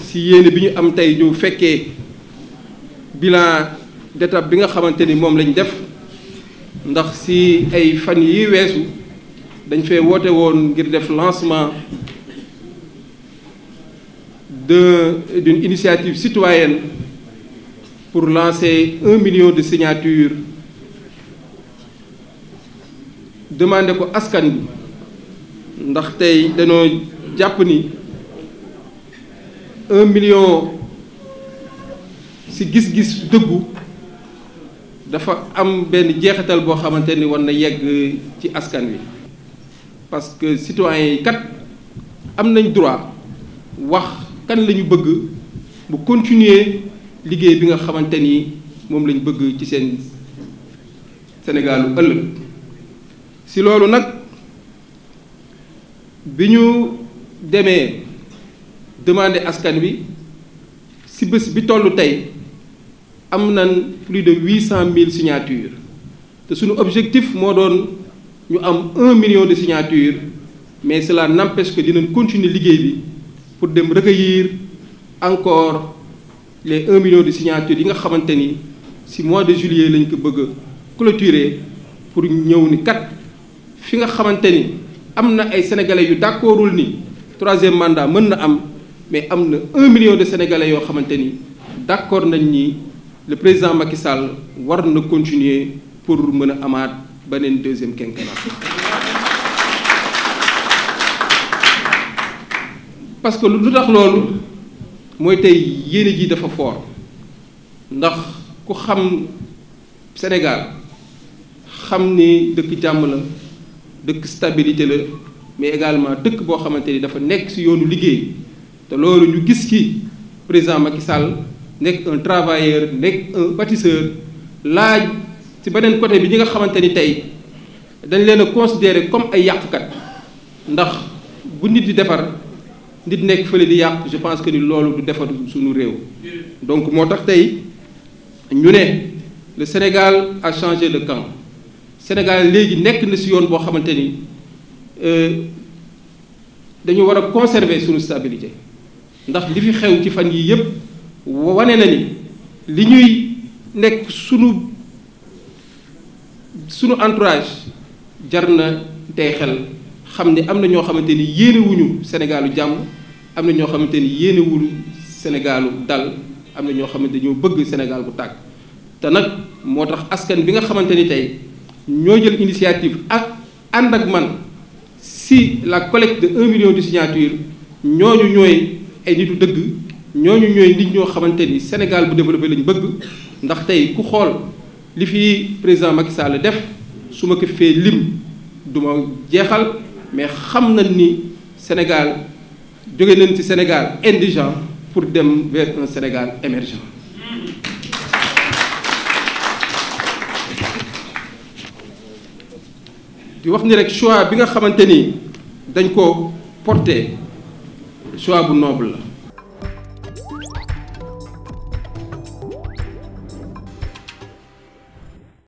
si yéene bi ñu am tey ñu fekkee bilan d'étape bi nga xamante ni moom lañ def ndax si ay fan yi weesu dañ fee woote woon ngir def lancement de d'une initiative citoyenne pour lancer un million de signatures demandé ko askan bi ndax tey dañoo jàpp ni un million si gis-gis dëggu dafa am benn jeexital boo xamante ni war na yegg ci askan wi parce que citoyens yi kat am nañ droit wax kan lañu bëgg bu continuer liggéey bi nga xamante ni moom lañu bëgg ci seen Sénégalu ëllëg si loolu nag bi ñu demee demande askan bi si bés bi toll tey am na plus de huit cent mille signatures te suñu objectif moo doon ñu am un million de signatures mais cela n'empêche que dinañ continuer liggéey bi pour dem recueillir encore les un million de signatures yi nga xamante ni si mois de juillet lañ ko bëgg a pour ñëw ni kat fi nga xamante ni am na ay sénégalais yu d'accordul ni troisième mandat mën na am mais am na un million de sénégalais yoo xamante ni d'accord nañ ni le président Macky Sall war na continuer pour mën a amaat beneen deuxième quinquennat parce que lu tax loolu mooy tey yéene ji dafa fort ndax ku xam Sénégal xam ni dëkk jàmm la dëkk stabilité la mais également dëkk boo xamante ni dafa nekk ci yoonu liggéey te loolu ñu gis ki président Macky Sall nekk un travailleur nekk un bâtisseur laaj ci beneen côté bi ñi nga xamante ni tey dañ leen a considérer comme ay yàqukat ndax bu nit di defar nit nekk fële di yàq je pense que ni loolu du defar suñu réew donc moo tax tey ñu ne le Sénégal a changé de camp Sénégal léegi nekk na si yoon boo xamante ni euh, dañu war a conserver suñu stabilité ndax li fi xew ci fan yii yëpp wane na ni li ñuy nekk sunu sunu entourage jar na tey xel xam ne am na ñoo xamante ni yéenewuñu Sénégalu jàmm am na ñoo xamante ni yéenewuñu Sénégalu dal am na ñoo xamante ñoo bëgg Sénégal bu tàkk te nag moo tax askan bi nga xamante ni tey. ñoo jël initiative ak ànd ak man si la collecte de un million de signatures ñooñu ñooy ay nitu dëgg ñooñu ñooy nit ñoo xamante ni Sénégal bu développé lañu bëgg ndax tey ku xool li fi président Macky Sall def su ma ko fee lim du ma jeexal mais xam na ni Sénégal jóge nañ ci Sénégal indigent pour dem vers Sénégal émergent di wax ni rek choix bi nga xamante ni dañ ko porté choix bu noobu la